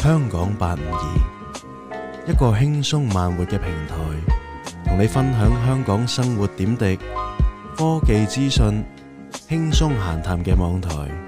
香港八五二，一個輕鬆慢活嘅平台，同你分享香港生活點滴、科技資訊、輕鬆閒談嘅網台。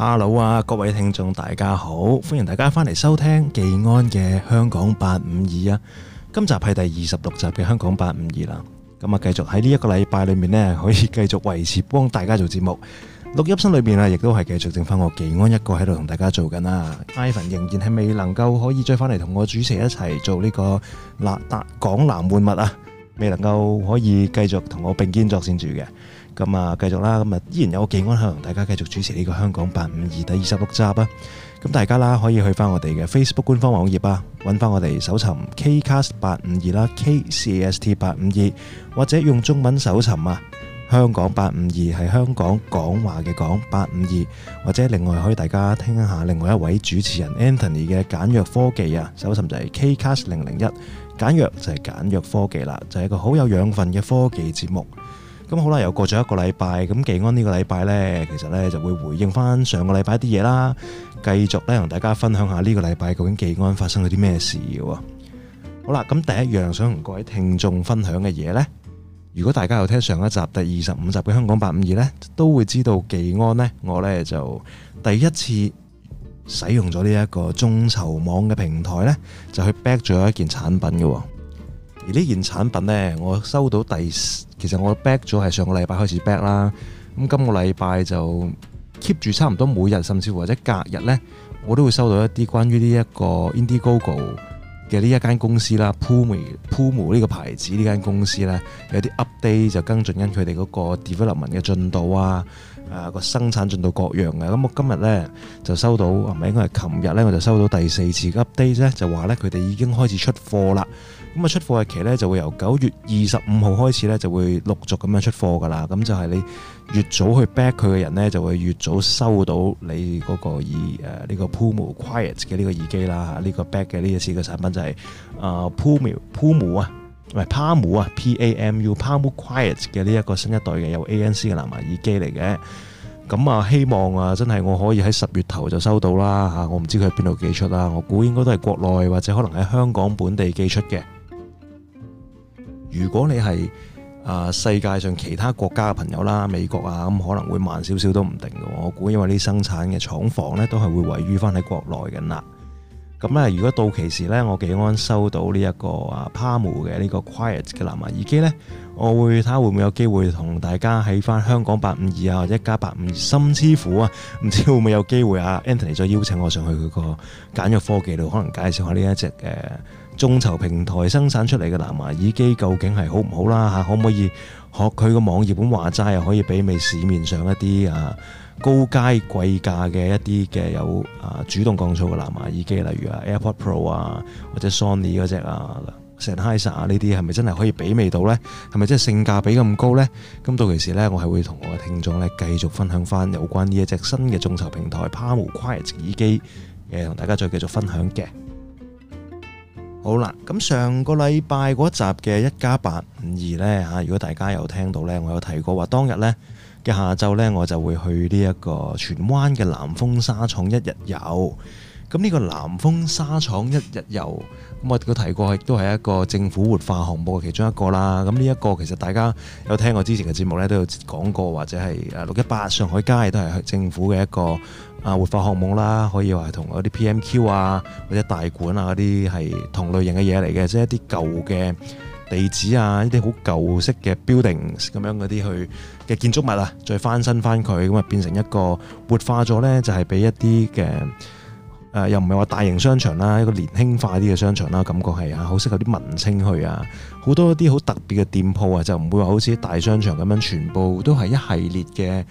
Hello 啊，各位聽眾大家好，歡迎大家翻嚟收聽技安嘅香港八五二啊，今集係第二十六集嘅香港八五二啦。咁啊，繼續喺呢一個禮拜裏面呢，可以繼續維持幫大家做節目，錄音室裏面啊，亦都係繼續剩翻我技安一個喺度同大家做緊啦。Ivan 仍然係未能夠可以再翻嚟同我主持一齊做呢個辣達港南換物啊，未能夠可以繼續同我並肩作戰住嘅。咁啊，繼續啦，咁啊，依然有我技安向大家繼續主持呢、這個香港八五二第二十六集啊！咁大家啦，可以去翻我哋嘅 Facebook 官方網頁啊，揾翻我哋搜尋 Kcast 八五二啦 KCST 八五二，或者用中文搜尋啊，香港八五二係香港講話嘅講八五二，52，或者另外可以大家聽一下另外一位主持人 Anthony 嘅簡約科技啊，搜尋就係 Kcast 零零一，簡約就係簡約科技啦，就係、是、個好有養分嘅科技節目。咁好啦，又過咗一個禮拜，咁技安呢個禮拜呢，其實呢就會回應翻上個禮拜啲嘢啦，繼續咧同大家分享下呢個禮拜究竟技安發生咗啲咩事嘅喎。好啦，咁第一樣想同各位聽眾分享嘅嘢呢，如果大家有聽上一集第二十五集嘅香港八五二呢，都會知道技安呢，我呢就第一次使用咗呢一個眾籌網嘅平台呢，就去 back 咗一件產品嘅。而呢件產品呢，我收到第四，其實我 back 咗係上個禮拜開始 back 啦，咁今個禮拜就 keep 住差唔多每日，甚至乎或者隔日呢，我都會收到一啲關於呢一個 Indiegogo 嘅呢一間公司啦，Pamu Pamu 呢個牌子呢間公司呢，有啲 update 就跟進緊佢哋嗰個 development 嘅進度啊，誒、啊、個生產進度各樣嘅，咁我今日呢，就收到，係、啊、咪應該係琴日呢，我就收到第四次 update 咧，就話呢，佢哋已經開始出貨啦。咁啊，出貨日期咧就會由九月二十五號開始咧，就會陸續咁樣出貨噶啦。咁就係你越早去 back 佢嘅人咧，就會越早收到你嗰個耳誒呢個 Puma Quiet 嘅呢個耳機啦。嚇，呢個 back 嘅呢一次嘅產品就係啊 Puma Puma 啊，唔係 Pamu 啊，P A M U、P、A、M、U、A、M U Quiet 嘅呢一個新一代嘅有 ANC 嘅藍牙耳機嚟嘅。咁啊，希望啊，真係我可以喺十月頭就收到啦。嚇，我唔知佢喺邊度寄出啦。我估應該都係國內或者可能喺香港本地寄出嘅。如果你係啊世界上其他國家嘅朋友啦，美國啊，咁可能會慢少少都唔定嘅。我估因為呢生產嘅廠房呢，都係會位於翻喺國內嘅啦。咁咧，如果到期時呢，我技安收到呢一個啊 Pamu 嘅呢個 Quiet 嘅藍牙耳機呢，我會睇下會唔會有機會同大家喺翻香講八五二啊一家八五二甚至乎啊，唔知會唔會有機會啊 Anthony 再邀請我上去佢個簡約科技度，可能介紹下呢一隻嘅。眾籌平台生產出嚟嘅藍牙耳機究竟係好唔好啦？嚇，可唔可以學佢個網頁本話齋，又可以媲美市面上一啲啊高階貴價嘅一啲嘅有啊主動降噪嘅藍牙耳機，例如啊 AirPod Pro 啊，或者 Sony 嗰隻啊 Sennheiser 呢啲，係咪真係可以媲美到呢？係咪真係性價比咁高咧？咁到時呢，我係會同我嘅聽眾呢繼續分享翻有關呢一隻新嘅眾籌平台 Pamu Quiet 耳機，誒同大家再繼續分享嘅。好啦，咁上個禮拜嗰集嘅一家八五二呢，如果大家有聽到呢，我有提過話，當日呢，嘅下晝呢，我就會去呢一個荃灣嘅南豐紗廠一日遊。咁呢個南豐紗廠一日遊，咁我都提過亦都係一個政府活化項目嘅其中一個啦。咁呢一個其實大家有聽我之前嘅節目呢，都有講過或者係誒六一八上海街都係政府嘅一個。啊活化項目啦，可以話係同嗰啲 PMQ 啊或者大館啊嗰啲係同類型嘅嘢嚟嘅，即係一啲舊嘅地址啊，一啲好舊式嘅 building 咁樣嗰啲去嘅建築物啊，再翻新翻佢，咁啊變成一個活化咗呢，就係俾一啲嘅誒又唔係話大型商場啦，一個年輕化啲嘅商場啦，感覺係啊好適合啲文青去啊，好多啲好特別嘅店鋪啊，就唔會話好似大商場咁樣全部都係一系列嘅。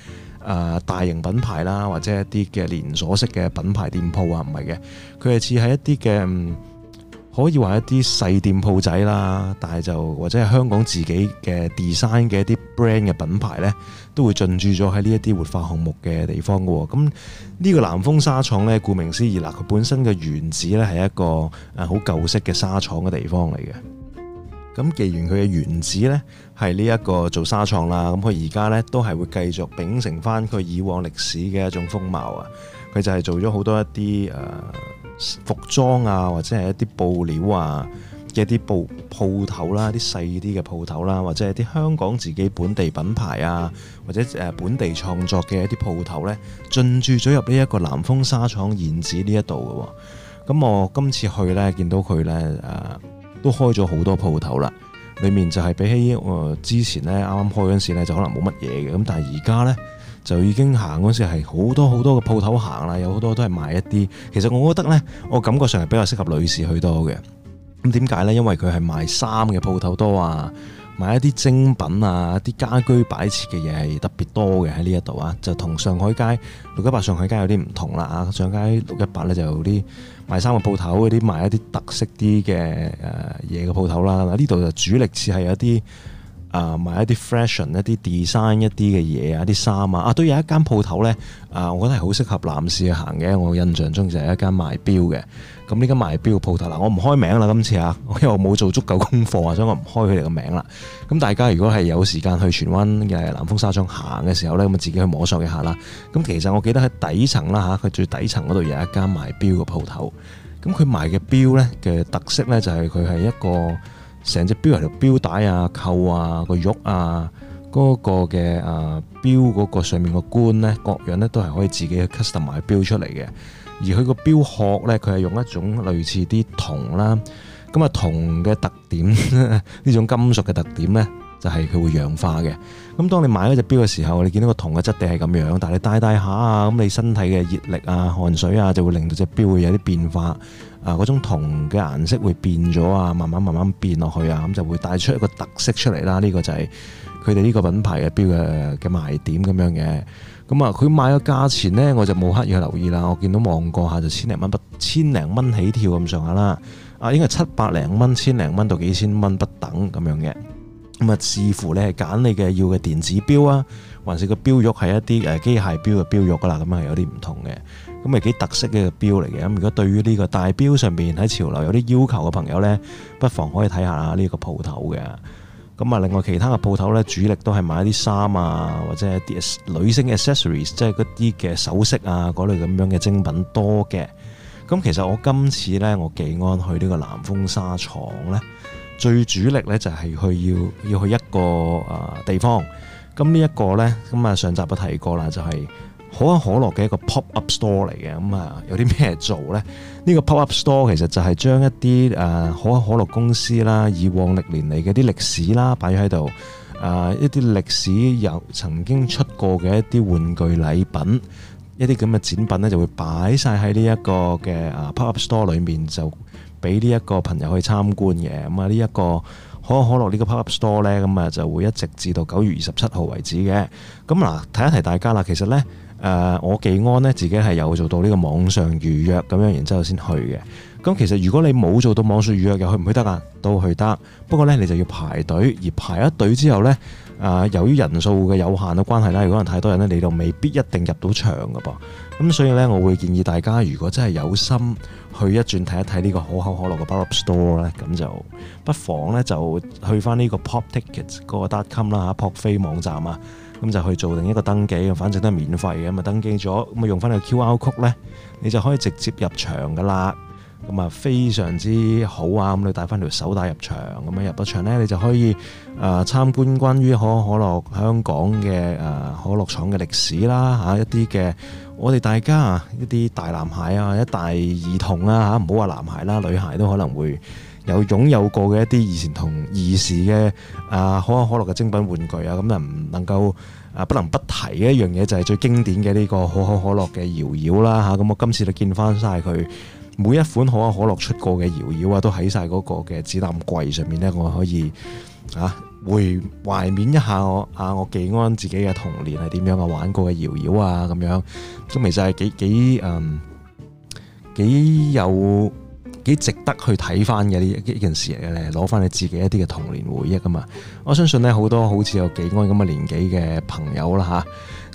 誒、呃、大型品牌啦，或者一啲嘅連鎖式嘅品牌店鋪啊，唔係嘅，佢係似係一啲嘅，可以話一啲細店鋪仔啦，但係就或者係香港自己嘅 design 嘅一啲 brand 嘅品牌呢，都會進駐咗喺呢一啲活化項目嘅地方嘅喎。咁呢個南豐紗廠呢，顧名思義，嗱，佢本身嘅原址呢，係一個誒好舊式嘅紗廠嘅地方嚟嘅。咁既然佢嘅原址呢，係呢一個做紗廠啦，咁佢而家呢，都係會繼續秉承返佢以往歷史嘅一種風貌啊！佢就係做咗好多一啲誒、呃、服裝啊，或者係一啲布料啊嘅一啲布鋪頭啦，啲細啲嘅鋪頭啦，或者係啲香港自己本地品牌啊，或者誒本地創作嘅一啲鋪頭呢，進駐咗入呢一個南豐紗廠原址呢一度嘅。咁我今次去呢，見到佢呢。誒、呃。都開咗好多鋪頭啦，裡面就係比起我之前呢啱啱開嗰時呢，就可能冇乜嘢嘅，咁但係而家呢，就已經行嗰時係好多好多嘅鋪頭行啦，有好多都係賣一啲，其實我覺得呢，我感覺上係比較適合女士去多嘅，咁點解呢？因為佢係賣衫嘅鋪頭多啊。買一啲精品啊，啲家居擺設嘅嘢係特別多嘅喺呢一度啊，就同上海街六一八上海街有啲唔同啦啊，上海街六一八咧就啲賣衫嘅鋪頭嗰啲，賣一啲特色啲嘅誒嘢嘅鋪頭啦，嗱，呢度就主力似係一啲。啊，賣一啲 fashion、一啲 design、一啲嘅嘢啊，啲衫啊，啊都有一間鋪頭呢，啊，我覺得係好適合男士去行嘅。我印象中就係一間賣錶嘅。咁呢間賣錶嘅鋪頭嗱，我唔開名啦，今次啊，因為我冇做足夠功課啊，所以我唔開佢哋嘅名啦。咁大家如果係有時間去荃灣嘅南豐紗廠行嘅時候呢，咁啊自己去摸索一下啦。咁其實我記得喺底層啦吓，佢最底層嗰度有一間賣錶嘅鋪頭。咁佢賣嘅錶呢嘅特色呢，就係佢係一個。成隻錶嘅條錶帶啊、扣、那個、啊、個玉啊、嗰個嘅啊錶嗰個上面個冠咧，各樣咧都係可以自己 custom 埋錶出嚟嘅。而佢個錶殼咧，佢係用一種類似啲銅啦。咁啊，銅嘅特點，呢種金屬嘅特點咧，就係、是、佢會氧化嘅。咁當你買嗰隻錶嘅時候，你見到個銅嘅質地係咁樣，但係你戴戴下啊，咁你身體嘅熱力啊、汗水啊，就會令到隻錶會有啲變化。啊，嗰種銅嘅顏色會變咗啊，慢慢慢慢變落去啊，咁、嗯、就會帶出一個特色出嚟啦。呢、這個就係佢哋呢個品牌嘅錶嘅嘅賣點咁樣嘅。咁、嗯、啊，佢賣嘅價錢呢，我就冇刻意去留意啦。我見到望過一下就千零蚊不，千零蚊起跳咁上下啦。啊，應該係七百零蚊、千零蚊到幾千蚊不等咁樣嘅。咁、嗯、啊，視乎你係揀你嘅要嘅電子錶啊，還是個錶殼係一啲誒、啊、機械錶嘅錶殼啦，咁啊有啲唔同嘅。咁咪幾特色嘅標嚟嘅。咁如果對於呢個大標上面喺潮流有啲要求嘅朋友呢，不妨可以睇下呢個鋪頭嘅。咁啊，另外其他嘅鋪頭呢，主力都係買一啲衫啊，或者一啲女性嘅 accessories，即係嗰啲嘅首飾啊，嗰類咁樣嘅精品多嘅。咁其實我今次呢，我技安去呢個南豐紗廠呢，最主力呢就係去要要去一個啊地方。咁呢一個呢，咁啊上集都提過啦，就係、是。可口可樂嘅一個 pop up store 嚟嘅，咁、嗯、啊有啲咩做呢？呢、呢個 pop up store 其實就係將一啲誒可口可樂公司啦，以往歷年嚟嘅啲歷史啦擺喺度，啊、呃、一啲歷史有曾經出過嘅一啲玩具禮品，一啲咁嘅展品呢，就會擺晒喺呢一個嘅啊 pop up store 裏面，就俾呢一個朋友去參觀嘅。咁啊呢一個可口可樂呢個 pop up store 呢，咁、嗯、啊就會一直至到九月二十七號為止嘅。咁、嗯、嗱，提一提大家啦，其實呢。Uh, 我技安呢，自己係有做到呢個網上預約咁樣然，然之後先去嘅。咁其實如果你冇做到網上預約嘅，去唔去得啊？都去得，不過呢，你就要排隊。而排一隊之後呢，呃、由於人數嘅有限嘅關係啦，如果人太多人呢，你就未必一定入到場㗎噃。咁所以呢，我會建議大家，如果真係有心去一轉睇一睇呢個可口可樂嘅 pop up store 呢，咁就不妨呢，就去翻呢個 pop ticket、嗰個 dot com 啦、啊、pop 飛網站啊。咁就去做另一個登記，反正都係免費嘅，咪登記咗，咁啊用翻個 QR code 呢，你就可以直接入場噶啦。咁啊非常之好啊，咁你帶翻條手帶入場，咁啊入到場呢，你就可以啊參觀關於可口可樂香港嘅啊可樂廠嘅歷史啦嚇，一啲嘅我哋大家啊一啲大男孩啊，一大兒童啊嚇，唔好話男孩啦，女孩都可能會。有擁有過嘅一啲以前同兒時嘅啊可口可樂嘅精品玩具啊，咁就唔能夠啊不能不提嘅一樣嘢就係最經典嘅呢個可口可，可樂嘅搖搖啦嚇，咁我今次就見翻晒佢每一款可口可樂出過嘅搖搖啊，都喺晒嗰個嘅子彈櫃上面呢，我可以啊會懷念一下我啊我技安自己嘅童年係點樣啊玩過嘅搖搖啊咁樣，都其實係幾幾嗯幾有。幾值得去睇翻嘅呢呢件事嚟嘅，攞翻你自己一啲嘅童年回憶噶嘛？我相信咧好多好似有幾安咁嘅年紀嘅朋友啦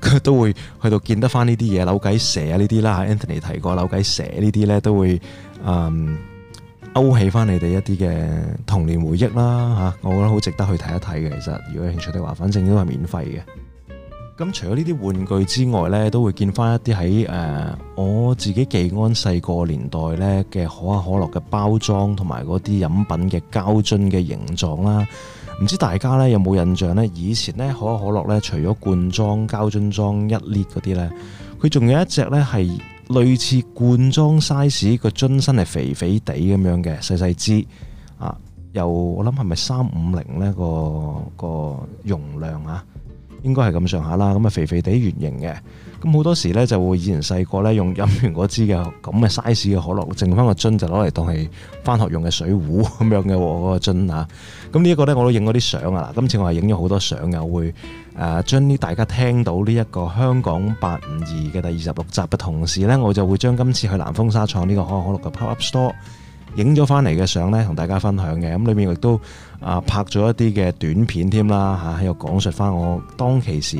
吓，佢都會去到見得翻呢啲嘢，扭計蛇啊呢啲啦，Anthony 提過扭計蛇呢啲咧都會，嗯勾起翻你哋一啲嘅童年回憶啦吓，我覺得好值得去睇一睇嘅。其實如果有興趣的話，反正都係免費嘅。咁除咗呢啲玩具之外呢，都會見翻一啲喺誒我自己技安細個年代呢嘅可口可樂嘅包裝同埋嗰啲飲品嘅膠樽嘅形狀啦。唔知大家呢有冇印象呢？以前呢，可口可樂呢除咗罐裝膠樽裝一列嗰啲呢，佢仲有一隻呢係類似罐裝 size 個樽身係肥肥地咁樣嘅細細支啊。又我諗係咪三五零呢個個容量啊？應該係咁上下啦，咁啊肥肥地圓形嘅，咁好多時呢就會以前細個呢用飲完嗰支嘅咁嘅 size 嘅可樂，剩翻個樽就攞嚟當係翻學用嘅水壺咁樣嘅喎，嗰個樽啊，咁呢一個呢我都影咗啲相啊，今次我係影咗好多相啊，我會誒、呃、將呢大家聽到呢一個香港八五二嘅第二十六集嘅同時呢，我就會將今次去南豐紗廠呢個可口可樂嘅 pop up store。影咗翻嚟嘅相呢，同大家分享嘅。咁裏面亦都啊拍咗一啲嘅短片添啦嚇，喺度講述翻我當其時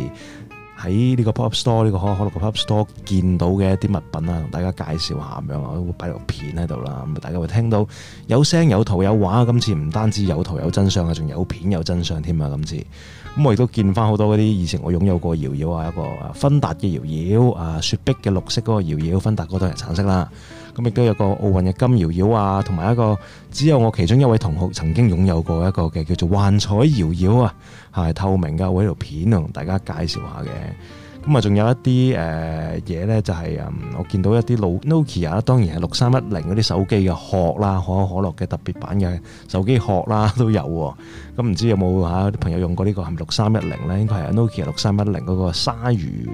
喺呢個 pop store 呢個可口可樂嘅 pop store 見到嘅一啲物品啦，同大家介紹一下咁樣，我都擺條片喺度啦。咁大家會聽到有聲有圖有畫。今次唔單止有圖有真相啊，仲有片有真相添啊！今次咁我亦都見翻好多嗰啲以前我擁有過搖搖啊，一個芬達嘅搖搖啊，雪碧嘅綠色嗰個搖搖，芬達嗰度係橙色啦。咁亦都有個奧運嘅金搖搖啊，同埋一個只有我其中一位同學曾經擁有過一個嘅叫做幻彩搖搖啊，係透明嘅，我呢條片同大家介紹下嘅。咁啊，仲有一啲誒嘢咧，就係、是、我見到一啲老 Nokia、ok、當然係六三一零嗰啲手機嘅殼啦，可口可樂嘅特別版嘅手機殼啦都有喎、啊。咁唔知有冇嚇、啊、朋友用過、這個、是是呢個係六三一零咧？應該係 Nokia 六三一零嗰個鯊魚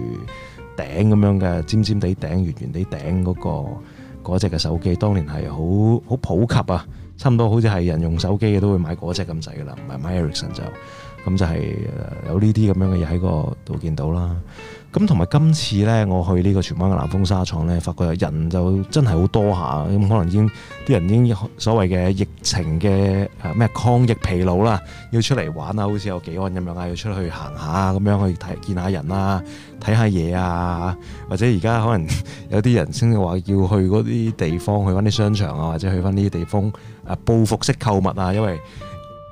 頂咁樣嘅尖尖地頂、圓圓地頂嗰、那個。嗰隻嘅手機，當年係好好普及啊，差唔多好似係人用手機嘅都會買嗰隻咁細噶啦，唔係買 Ericsson 就咁就係有呢啲咁樣嘅嘢喺嗰度見到啦。咁同埋今次呢，我去呢個荃灣嘅南豐紗廠呢，發覺人就真係好多下，咁可能已經啲人已經所謂嘅疫情嘅咩抗疫疲勞啦，要出嚟玩啊，好似有幾安咁樣，要出去行下咁樣去睇見下人呀，睇下嘢啊，或者而家可能有啲人先至話要去嗰啲地方去返啲商場啊，或者去翻呢啲地方啊報復式購物啊，因為。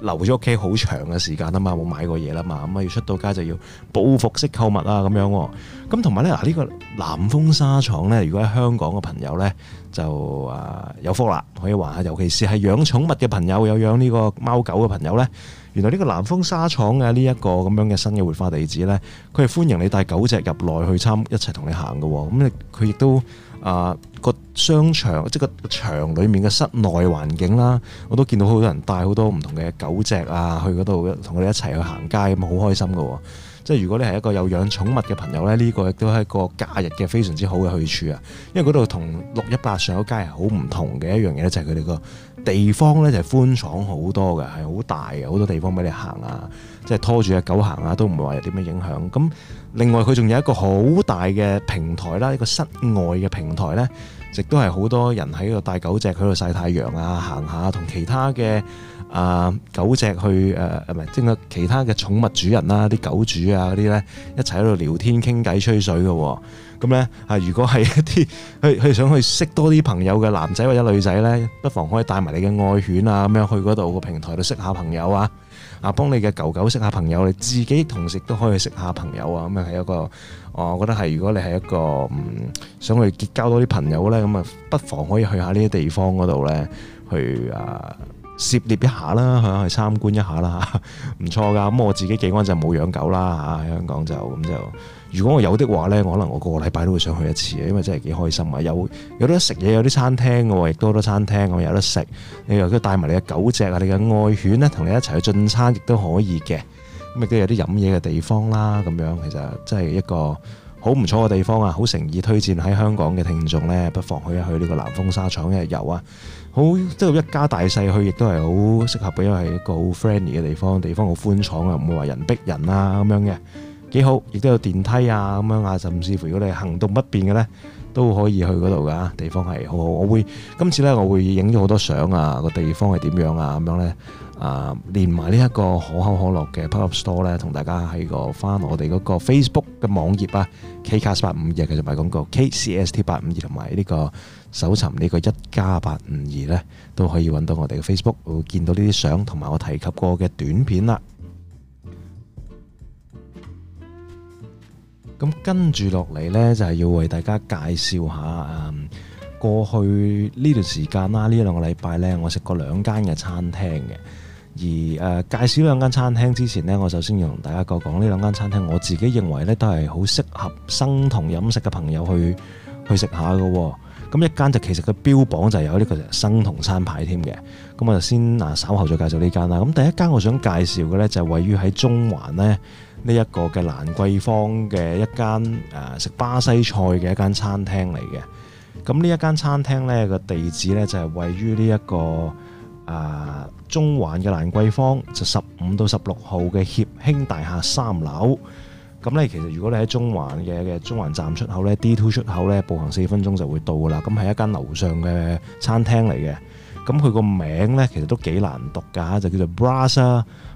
留咗屋企好長嘅時間啊嘛，冇買過嘢啦嘛，咁啊要出到街就要報復式購物啊咁樣，咁同埋咧嗱呢、這個南豐紗廠咧，如果喺香港嘅朋友咧就啊、呃、有福啦，可以話下，尤其是係養寵物嘅朋友，有養呢個貓狗嘅朋友咧，原來呢個南豐紗廠嘅呢一個咁樣嘅新嘅活化地址咧，佢係歡迎你帶狗隻入內去參一齊同你行嘅，咁你佢亦都啊、呃、個。商場即個場裡面嘅室內環境啦，我都見到好多人帶好多唔同嘅狗隻啊，去嗰度同佢哋一齊去行街，咁好開心噶。即係如果你係一個有養寵物嘅朋友呢，呢個亦都係一個假日嘅非常之好嘅去處啊。因為嗰度同六一八上海街係好唔同嘅一樣嘢，就係佢哋個地方呢，就係寬敞好多嘅，係好大嘅，好多地方俾你行啊。即係拖住隻狗行啊，都唔會話有啲咩影響。咁另外佢仲有一個好大嘅平台啦，一個室外嘅平台呢。亦都係好多人喺度帶狗隻喺度曬太陽啊，行下同其他嘅啊、呃、狗隻去即係、呃、其他嘅寵物主人啦、啊，啲狗主啊嗰啲咧一齊喺度聊天傾偈吹水嘅、哦。咁咧啊，如果係一啲去去想去識多啲朋友嘅男仔或者女仔咧，不妨可以帶埋你嘅愛犬啊咁樣去嗰度個平台度識下朋友啊。啊！幫你嘅狗狗識下朋友，你自己同時都可以識下朋友啊！咁、嗯、啊，係一個，我覺得係如果你係一個嗯，想去結交多啲朋友咧，咁啊，不妨可以去下呢啲地方嗰度咧，去啊涉獵一下啦，去參觀一下啦，唔錯噶。咁、嗯、我自己幾安就冇養狗啦喺、啊、香港就咁、嗯、就。如果我有的話呢，我可能我個個禮拜都會想去一次，因為真係幾開心啊！有有得食嘢，有啲餐廳喎，亦都好多餐廳咁有得食。你又都帶埋你嘅狗隻啊，你嘅愛犬呢，同你一齊去進餐亦都可以嘅。咁亦都有啲飲嘢嘅地方啦，咁樣其實真係一個好唔錯嘅地方啊！好誠意推薦喺香港嘅聽眾呢，不妨去一去呢個南豐紗廠一日遊啊！好即係一家大細去，亦都係好適合嘅，因為係一個好 friendly 嘅地方，地方好寬敞啊，唔會話人逼人啊咁樣嘅。幾好，亦都有電梯啊咁樣啊，甚至乎如果你行動不便嘅咧，都可以去嗰度，噶地方係好好。我會今次咧，我會影咗好多相啊，個地方係點樣啊咁樣咧啊，連埋呢一個可口可樂嘅 pop up store 咧，同大家喺個翻我哋嗰個 Facebook 嘅網頁啊，KCAST 八五二嘅就埋廣告，K C S T 八五二同埋呢個搜尋呢個一加八五二咧，都可以揾到我哋嘅 Facebook，會見到呢啲相同埋我提及過嘅短片啦。咁跟住落嚟呢，就係要為大家介紹下誒過去呢段時間啦，呢兩個禮拜呢，我食過兩間嘅餐廳嘅。而誒介紹兩間餐廳之前呢，我首先要同大家講講呢兩間餐廳，我自己認為呢，都係好適合生酮飲食嘅朋友去去食下嘅。咁一間就其實嘅標榜就係有呢個生酮餐牌添嘅。咁我就先啊稍後再介紹呢間啦。咁第一間我想介紹嘅呢，就位於喺中環呢。呢一個嘅蘭桂坊嘅一間誒、呃、食巴西菜嘅一間餐廳嚟嘅，咁呢一間餐廳呢個地址呢、這個，就係位於呢一個誒中環嘅蘭桂坊，就十五到十六號嘅協興大廈三樓。咁、嗯、咧其實如果你喺中環嘅嘅中環站出口呢 D Two 出口呢，步行四分鐘就會到啦。咁係一間樓上嘅餐廳嚟嘅。咁佢個名呢，其實都幾難讀㗎，就叫做 Braza。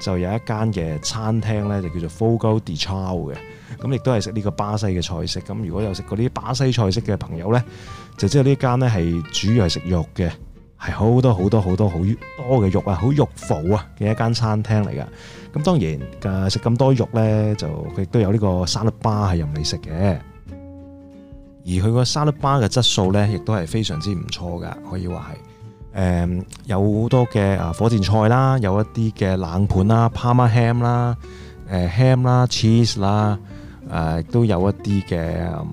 就有一間嘅餐廳咧，就叫做 Fogo de Chao 嘅，咁亦都係食呢個巴西嘅菜式。咁如果有食嗰啲巴西菜式嘅朋友咧，就知道呢間咧係主要係食肉嘅，係好多好多好多好多嘅肉，很肉的的啊，好肉腐啊嘅一間餐廳嚟噶。咁當然嘅食咁多肉咧，就佢亦都有呢個沙律巴係任你食嘅，而佢個沙律巴嘅質素咧，亦都係非常之唔錯噶，可以話係。誒、嗯、有好多嘅啊火箭菜啦，有一啲嘅冷盤啦，帕馬 Ham 啦，誒、呃、Ham 啦，cheese 啦，誒、呃、都有一啲嘅、嗯、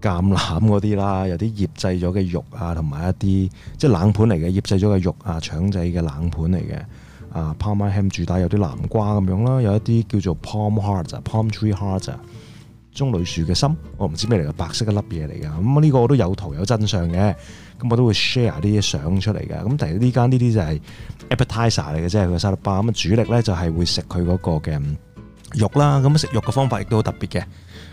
橄欖嗰啲啦，有啲醃製咗嘅肉啊，同埋一啲即係冷盤嚟嘅醃製咗嘅肉啊，腸仔嘅冷盤嚟嘅啊，帕馬 Ham 主打有啲南瓜咁樣啦，有一啲叫做 Palm Hearts、Palm Tree Hearts，棕櫚樹嘅心，我唔知咩嚟嘅，白色一粒嘢嚟嘅，咁、嗯、呢、這個我都有圖有真相嘅。咁我都會 share 啲嘢相出嚟嘅，咁但係呢間呢啲就係 appetizer 嚟嘅，即係佢嘅沙律包。咁主力咧就係會食佢嗰個嘅肉啦，咁食肉嘅方法亦都好特別嘅。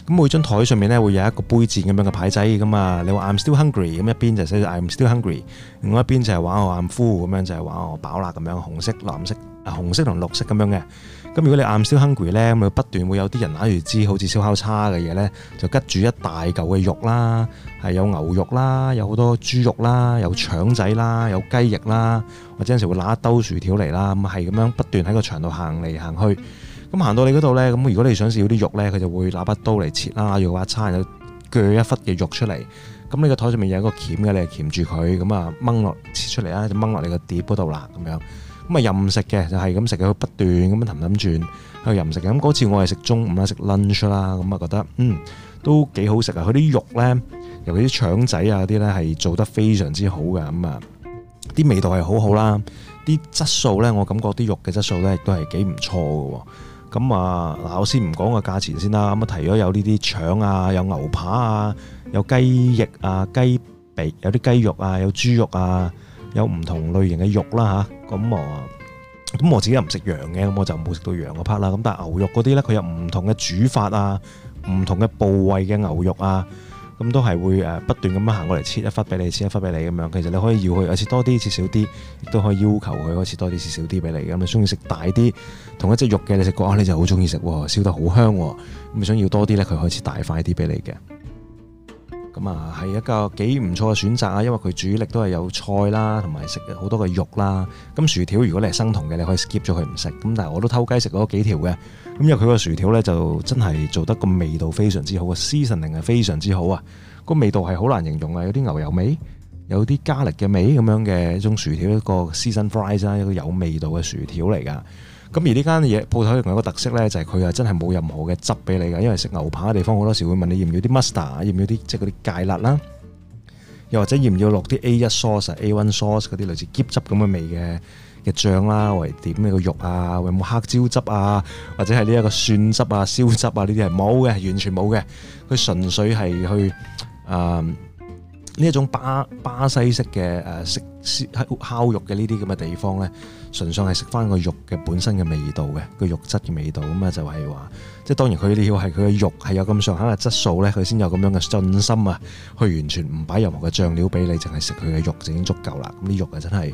咁每張台上面咧會有一個杯墊咁樣嘅牌仔咁啊，你話 I'm still hungry，咁一邊就寫住 I'm still hungry，另外一邊就係玩我 I'm full 咁樣，就係玩我飽啦咁樣，紅色、藍色。紅色同綠色咁樣嘅，咁如果你暗燒 hungry 咧，咁佢不斷會有啲人攞住支好似燒烤叉嘅嘢咧，就吉住一大嚿嘅肉啦，係有牛肉啦，有好多豬肉啦，有腸仔啦，有雞翼啦，或者有時會攞一兜薯條嚟啦，咁係咁樣不斷喺個場度行嚟行去，咁行到你嗰度咧，咁如果你想食嗰啲肉咧，佢就會拿把刀嚟切啦，用把叉就鋸一忽嘅肉出嚟，咁你個台上面有一個鉗嘅，你係鉗住佢，咁啊掹落切出嚟啦，就掹落你個碟嗰度啦，咁樣。咁啊任食嘅就係咁食嘅，不斷咁樣氹氹轉去任食嘅。咁嗰次我係食中午啦，食 lunch 啦，咁啊覺得嗯都幾好食啊！佢啲肉咧，尤其啲腸仔啊啲咧係做得非常之好嘅。咁、嗯、啊，啲味道係好好啦，啲質素咧，我感覺啲肉嘅質素咧亦都係幾唔錯嘅。咁啊嗱，我先唔講個價錢先啦。咁啊提咗有呢啲腸啊，有牛扒啊，有雞翼啊，雞髀，有啲雞肉啊，有豬肉啊。有唔同類型嘅肉啦，吓咁啊，咁我自己又唔食羊嘅，咁我就冇食到羊嗰 part 啦。咁但係牛肉嗰啲呢，佢有唔同嘅煮法啊，唔同嘅部位嘅牛肉啊，咁都係會誒不斷咁樣行過嚟切一忽俾你，切一忽俾你咁樣。其實你可以要佢，切多啲，切少啲，亦都可以要求佢切多啲，切少啲俾你。咁你中意食大啲同一隻肉嘅你食過，你就好中意食，燒得好香。咁你想要多啲呢，佢可以切大塊啲俾你嘅。咁啊，係、嗯、一個幾唔錯嘅選擇啊，因為佢主力都係有菜啦，同埋食好多嘅肉啦。咁薯條如果你係生酮嘅，你可以 skip 咗佢唔食。咁但係我都偷雞食咗幾條嘅。咁因為佢個薯條呢，就真係做得個味道非常之好啊，seasoning 係非常之好啊。個味道係好難形容啊，有啲牛油味，有啲加力嘅味咁樣嘅一種薯條，一個 season fries 啦，一個有味道嘅薯條嚟噶。咁而呢間嘢鋪頭另外一個特色咧，就係佢係真係冇任何嘅汁俾你嘅，因為食牛扒嘅地方好多時會問你要唔要啲 mustard，要唔要啲即係嗰啲芥辣啦，又或者要唔要落啲 A 一 sauce、A one sauce 嗰啲類似澱汁咁嘅味嘅嘅醬啦，為點呢個肉啊，或者有冇黑椒汁啊，或者係呢一個蒜汁啊、燒汁啊，呢啲係冇嘅，完全冇嘅，佢純粹係去誒呢一種巴巴西式嘅誒、啊烤肉嘅呢啲咁嘅地方呢，純粹係食翻個肉嘅本身嘅味道嘅，個肉質嘅味道咁啊、嗯，就係、是、話，即係當然佢呢要係佢嘅肉係有咁上下嘅質素呢，佢先有咁樣嘅信心啊，去完全唔擺任何嘅醬料俾你，淨係食佢嘅肉就已經足夠啦。咁、嗯、啲肉啊真係，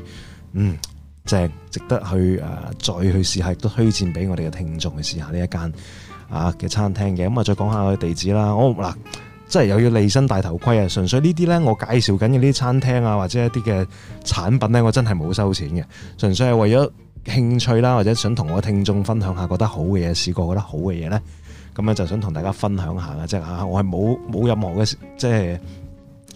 嗯，正，值得去誒、呃，再去試下，亦都推薦俾我哋嘅聽眾去試下呢一間啊嘅餐廳嘅。咁啊，再講下佢地址啦，好嗱。即係又要離身戴頭盔啊！純粹呢啲呢，我介紹緊嘅呢啲餐廳啊，或者一啲嘅產品呢，我真係冇收錢嘅，純粹係為咗興趣啦，或者想同我聽眾分享下覺得好嘅嘢，試過覺得好嘅嘢呢。咁咧就想同大家分享下啫嚇，即係啊，我係冇冇任何嘅即係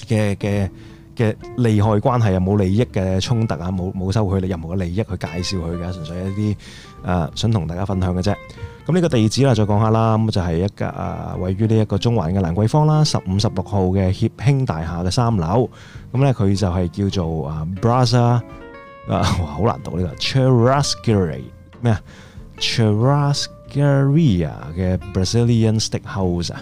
嘅嘅。嘅利害關係又冇利益嘅衝突啊，冇冇收佢你任何嘅利益去介紹佢嘅，純粹一啲誒、呃、想同大家分享嘅啫。咁呢個地址啦，再講下啦，咁就係、是、一個啊位於呢一個中環嘅蘭桂坊啦，十五十六號嘅協興大廈嘅三樓。咁咧佢就係叫做啊 Braza 誒好難讀呢、這個 Churrascaria 咩啊 Churrascaria 嘅 Brazilian Steak House 啊。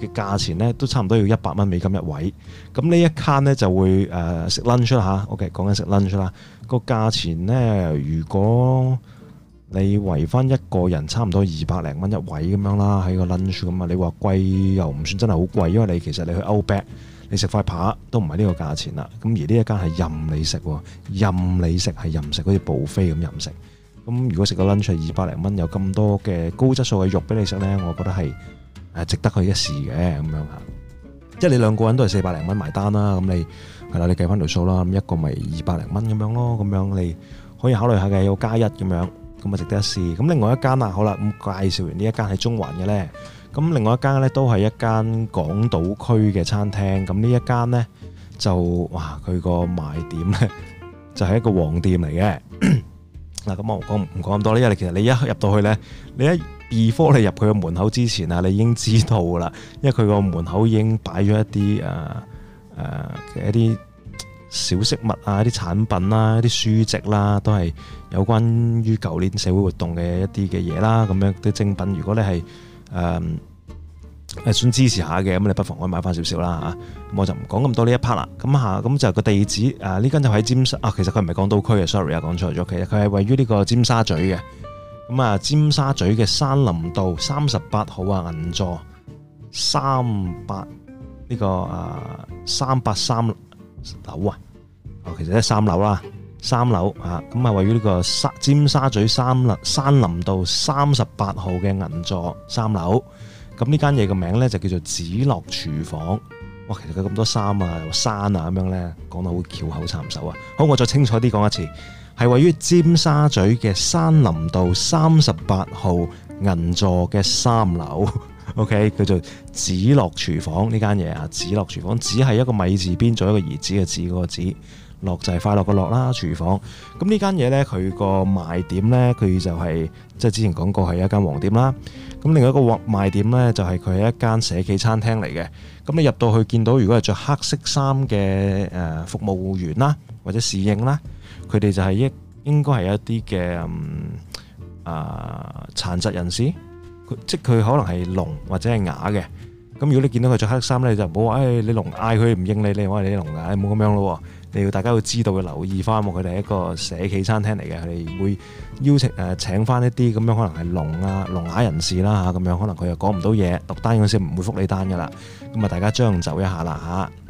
嘅價錢呢都差唔多要一百蚊美金一位，咁呢一間呢就會誒食 lunch 啦。OK，講緊食 lunch 啦，個價錢呢，如果你圍翻一個人差唔多二百零蚊一位咁樣啦，喺個 lunch 咁啊，你話貴又唔算真係好貴，因為你其實你去 Outback，你食塊扒都唔係呢個價錢啦。咁而呢一間係任你食，任你食係任食，好似布菲咁任食。咁如果食個 lunch 係二百零蚊，有咁多嘅高質素嘅肉俾你食呢，我覺得係。誒值得去一試嘅咁樣嚇，即係你兩個人都係四百零蚊埋單啦，咁你係啦，你計返條數啦，咁一個咪二百零蚊咁樣咯，咁樣你可以考慮下嘅，要加一咁樣，咁啊值得一試。咁另外一間啊，好啦，咁介紹完呢一間喺中環嘅咧，咁另外一間咧都係一間港島區嘅餐廳，咁呢一間咧就哇，佢個賣點咧就係一個黃店嚟嘅，嗱咁我講唔講咁多咧？因為其實你一入到去咧，你一 B 科你入佢嘅門口之前啊，你已經知道噶啦，因為佢個門口已經擺咗一啲誒誒一啲小飾物啊，一啲產品啦，一啲書籍啦，都係有關於舊年社會活動嘅一啲嘅嘢啦。咁樣啲精品，如果你係誒誒，算支持下嘅，咁你不妨可以買翻少少啦吓。咁我就唔講咁多呢一 part 啦。咁下咁就個地址誒，呢間就喺尖沙啊，其實佢唔係港島區嘅，sorry 啊，講錯咗，其實佢係位於呢個尖沙咀嘅。咁啊，尖沙咀嘅山林道三十八號銀 38,、這個、啊，銀座三八呢個啊，三八三樓啊，哦，其實即係三樓啦、啊，三樓啊，咁啊，位於呢個尖沙咀山林山林道三十八號嘅銀座三樓，咁呢間嘢嘅名咧就叫做籽樂廚房。哇，其實佢咁多山啊，有山啊，咁樣咧，講到好巧口殘手啊。好，我再清楚啲講一次。係位於尖沙咀嘅山林道三十八號銀座嘅三樓，OK，叫做籽樂廚房呢間嘢啊！籽樂廚房只係一個米字邊，做一個兒子嘅字，嗰個籽樂就係快樂嘅樂啦。廚房咁呢間嘢呢，佢個賣點呢，佢就係、是、即係之前講過係一間黃店啦。咁另外一個賣點呢，就係佢係一間社企餐廳嚟嘅。咁你入到去看見到，如果係着黑色衫嘅服，服務員啦，或者侍應啦。佢哋就係一應該係一啲嘅誒殘疾人士，即係佢可能係聾或者係啞嘅。咁如果你見到佢著黑衫咧，就唔好話誒你聾嗌佢唔應你，你話你聾啊，唔好咁樣咯。你要大家要知道，留意翻佢哋係一個社企餐廳嚟嘅，佢哋會邀請誒請翻一啲咁樣可能係聾啊聾啞人士啦嚇，咁樣可能佢又講唔到嘢，讀單嗰時唔會復你單噶啦。咁啊，大家將就一下啦嚇。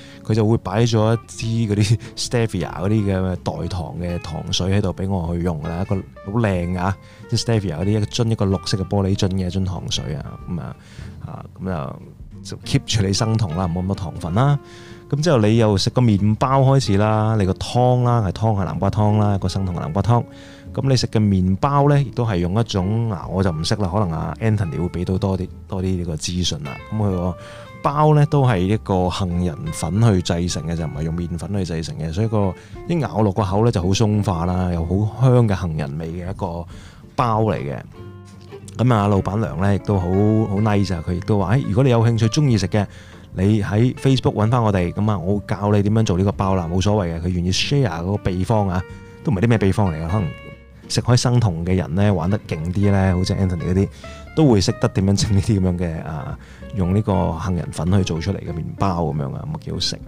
佢就會擺咗一支嗰啲 stevia 嗰啲嘅代糖嘅糖水喺度俾我去用啦，就係，一個好靚啊，啲 stevia 嗰啲一樽一個綠色嘅玻璃樽嘅一樽糖水啊，咁啊嚇，咁就就 keep 住你生酮啦，冇咁多糖分啦。咁之後你又食個麵包開始啦，你個湯啦，係湯係南瓜湯啦，個生酮係南瓜湯。咁你食嘅麵包咧，亦都係用一種，嗱我就唔識啦，可能啊 Anthony 會俾到多啲多啲呢個資訊啦。咁佢個。包呢都係一個杏仁粉去製成嘅，就唔係用麵粉去製成嘅，所以個一咬落個口呢就好鬆化啦，又好香嘅杏仁味嘅一個包嚟嘅。咁啊，老闆娘呢亦都好好 nice 啊，佢亦都話：，哎，如果你有興趣、中意食嘅，你喺 Facebook 搵翻我哋，咁啊，我教你點樣做呢個包啦，冇所謂嘅。佢願意 share 嗰個秘方啊，都唔係啲咩秘方嚟嘅。可能食開生酮嘅人呢，玩得勁啲呢，好似 Anthony 嗰啲。都會識得點樣整呢啲咁樣嘅啊，用呢個杏仁粉去做出嚟嘅麵包咁樣啊，咁啊幾好食。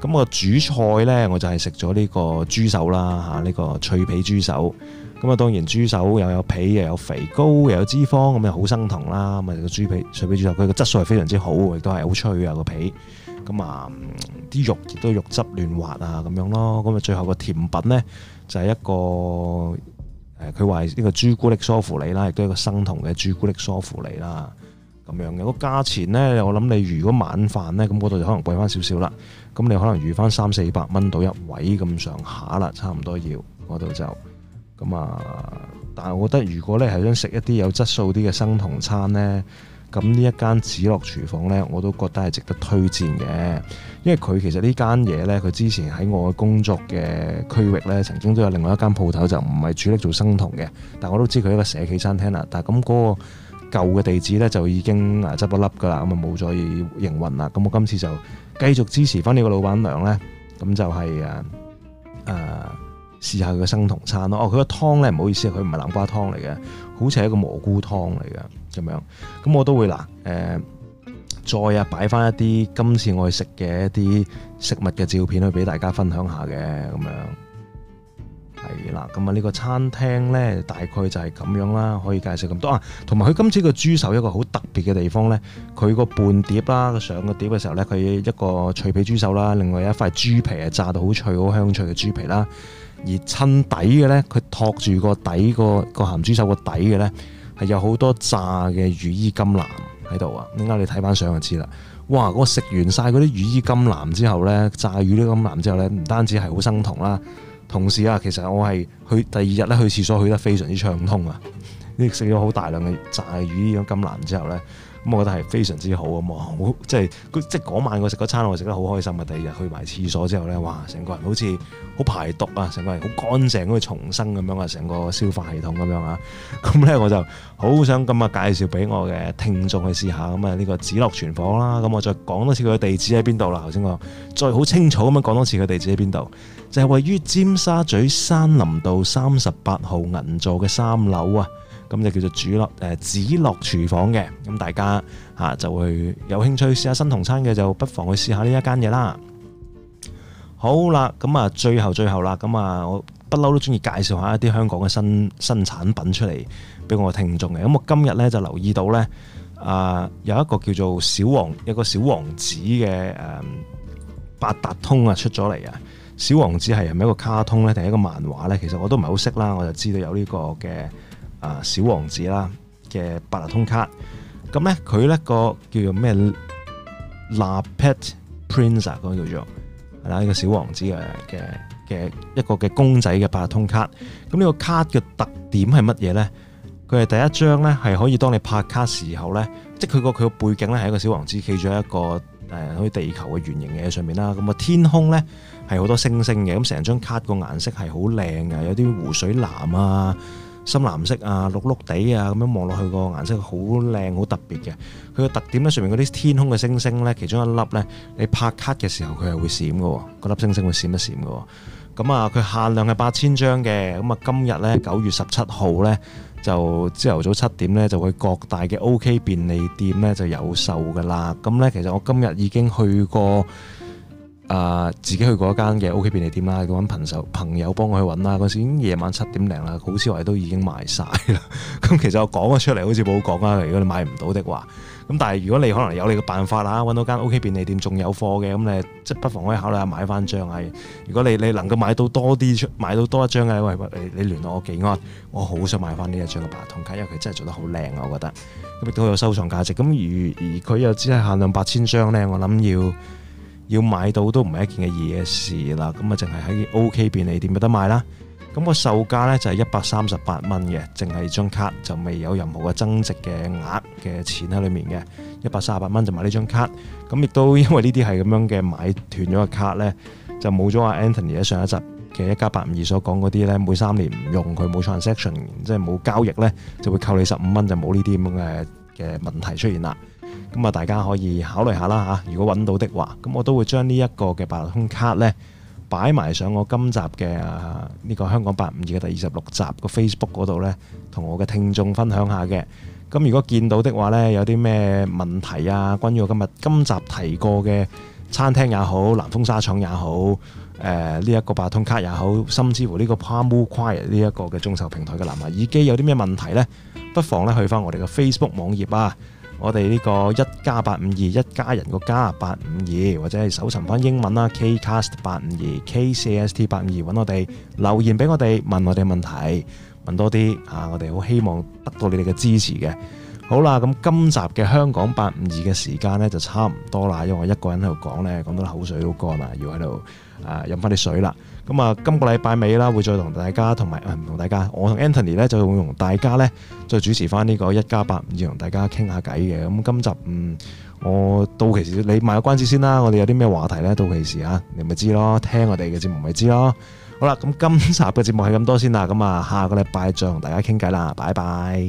咁、個主菜呢，我就係食咗呢個豬手啦，嚇、啊、呢、呢個脆皮豬手。咁啊，當然豬手又有皮又有肥膏又有脂肪，咁啊好生酮啦。咁啊豬皮脆皮豬手，佢個質素係非常之好，亦都係好脆的啊個皮。咁啊啲肉亦都肉汁嫩滑啊咁樣咯。咁啊最後個甜品呢，就係、是、一個。誒佢話呢個朱古力梳芙莉啦，亦都係一個生酮嘅朱古力梳芙莉啦，咁樣嘅、個價錢呢，我諗你如果晚飯呢，咁嗰度就可能貴翻少少啦。咁你可能預翻三四百蚊到一位咁上下啦，差唔多要嗰度就咁啊。但係我覺得如果你係想食一啲有質素啲嘅生酮餐呢。咁呢一間籽樂廚房呢，我都覺得係值得推薦嘅，因為佢其實呢間嘢呢，佢之前喺我嘅工作嘅區域呢，曾經都有另外一間鋪頭，就唔係主力做生酮嘅，但我都知佢一個社企餐廳啦。但係咁嗰個舊嘅地址呢，就已經啊執不笠噶啦，咁啊冇再營運啦。咁我今次就繼續支持翻呢個老闆娘呢，咁就係、誒誒.試下佢嘅生酮餐咯，哦，佢個湯咧，唔好意思，佢唔係南瓜湯嚟嘅，好似係一個蘑菇湯嚟嘅咁樣。咁我都會嗱誒、呃、再啊擺翻一啲今次我去食嘅一啲食物嘅照片去俾大家分享下嘅咁樣。係啦，咁啊呢個餐廳咧大概就係咁樣啦，可以介紹咁多啊。同埋佢今次個豬手一個好特別嘅地方咧，佢個伴碟啦，上個碟嘅時候咧，佢一個脆皮豬手啦，另外一塊豬皮呀，炸到好脆好香脆嘅豬皮啦。而襯底嘅咧，佢托住個底個個鹹豬手個底嘅咧，係有好多炸嘅羽衣甘藍喺度啊！點解你睇翻相就知啦。哇！我食完晒嗰啲羽衣甘藍之後咧，炸羽衣甘藍之後咧，唔單止係好生酮啦，同時啊，其實我係去第二日咧去廁所去得非常之暢通啊！你食咗好大量嘅炸羽衣甘藍之後咧。咁我覺得係非常之好咁嘛。即係，即係嗰晚我食嗰餐我食得好開心啊！第二日去埋廁所之後咧，哇，成個人好似好排毒啊，成個人好乾淨，好似重生咁樣啊，成個消化系統咁樣啊，咁咧我就好想咁啊介紹俾我嘅聽眾去試下咁啊！呢個籽樂廚房啦，咁我再講多次佢嘅地址喺邊度啦。頭先我再好清楚咁樣講多次佢地址喺邊度，就係位於尖沙咀山林道三十八號銀座嘅三樓啊！咁就叫做籽樂，誒籽樂廚房嘅，咁大家就會有興趣試下生酮餐嘅，就不妨去試下呢一間嘢啦。好啦，咁啊，最後最後啦，咁啊，我不嬲都中意介紹下一啲香港嘅新新產品出嚟俾我聽聽眾嘅。咁我今日呢，就留意到呢，啊、呃、有一個叫做小王有一個小王子嘅、嗯、八達通啊出咗嚟啊！小王子係係咪一個卡通呢？定係一個漫畫呢？其實我都唔係好識啦，我就知道有呢個嘅。啊，小王子啦嘅八達通卡，咁咧佢咧個叫做咩？Le Petit Prince 嗰、啊、個叫做係啦，呢個小王子嘅嘅嘅一個嘅公仔嘅八達通卡。咁呢個卡嘅特點係乜嘢咧？佢係第一張咧，係可以當你拍卡的時候咧，即係佢個佢個背景咧係一個小王子企咗一個誒好似地球嘅圓形嘅上面啦。咁啊天空咧係好多星星嘅，咁成張卡個顏色係好靚嘅，有啲湖水藍啊。深藍色啊，綠綠地啊，咁樣望落去個顏色好靚，好特別嘅。佢個特點呢，上面嗰啲天空嘅星星呢，其中一粒呢，你拍卡嘅時候佢係會閃嘅，嗰粒星星會閃一閃嘅。咁啊，佢限量係八千張嘅，咁啊今日呢九月十七號呢，就朝頭早七點呢就會各大嘅 OK 便利店呢就有售㗎啦。咁呢其實我今日已經去過。啊、呃！自己去嗰間嘅 OK 便利店啦，咁朋友朋友幫我去揾啦。嗰時夜晚七點零啦，好似話都已經賣晒啦。咁其實我講咗出嚟好似冇講啦。如果你買唔到的話，咁但係如果你可能有你嘅辦法啦，揾到間 OK 便利店仲有貨嘅，咁你即不妨可以考慮下買翻張啊。如果你你能夠買到多啲出，買到多一張嘅，喂喂，你你聯絡我技安，我好想買翻呢一張嘅八達通卡，因為佢真係做得好靚啊，我覺得咁亦都好有收藏價值。咁而而佢又只係限量八千張咧，我諗要。要買到都唔係一件嘅嘢事啦，咁啊淨係喺 OK 便利店有得賣啦。咁個售價呢，就係一百三十八蚊嘅，淨係張卡就未有任何嘅增值嘅額嘅錢喺裏面嘅，一百三十八蚊就買呢張卡。咁亦都因為呢啲係咁樣嘅買斷咗個卡呢，就冇咗阿 Anthony 喺上一集嘅一加八五二所講嗰啲呢，每三年唔用佢冇 transaction，即係冇交易呢，就會扣你十五蚊，就冇呢啲咁嘅嘅問題出現啦。咁啊，大家可以考慮一下啦吓，如果揾到的話，咁我都會將呢一個嘅八達通卡呢擺埋上我今集嘅呢、這個香港八五二嘅第二十六集個 Facebook 嗰度呢，同我嘅聽眾分享一下嘅。咁如果見到的話呢，有啲咩問題啊？關於我今日今集提過嘅餐廳也好，南豐紗廠也好，誒呢一個八達通卡也好，甚至乎呢個 Pamu Quiet 呢一個嘅眾籌平台嘅藍牙耳機有啲咩問題呢？不妨呢去翻我哋嘅 Facebook 網頁啊！我哋呢個一家八五二，一家人個家八五二，52，或者係搜尋翻英文啦，Kcast 八五二 K C A S T 八五二，揾我哋留言俾我哋問我哋問題，問多啲吓，我哋好希望得到你哋嘅支持嘅。好啦，咁今集嘅香港八五二嘅時間呢，就差唔多啦，因為我一個人喺度講呢，講到口水都乾啦，要喺度啊飲翻啲水啦。咁啊，今個禮拜尾啦，會再同大家，同埋唔同大家，我同 Anthony 咧就會同大家咧再主持翻呢個一加八五二，同大家傾下偈嘅。咁今集嗯，我到期時你買個關子先啦。我哋有啲咩話題咧？到期時啊，你咪知咯，聽我哋嘅節目咪知咯。好啦，咁今集嘅節目係咁多先啦。咁啊，下個禮拜再同大家傾偈啦。拜拜。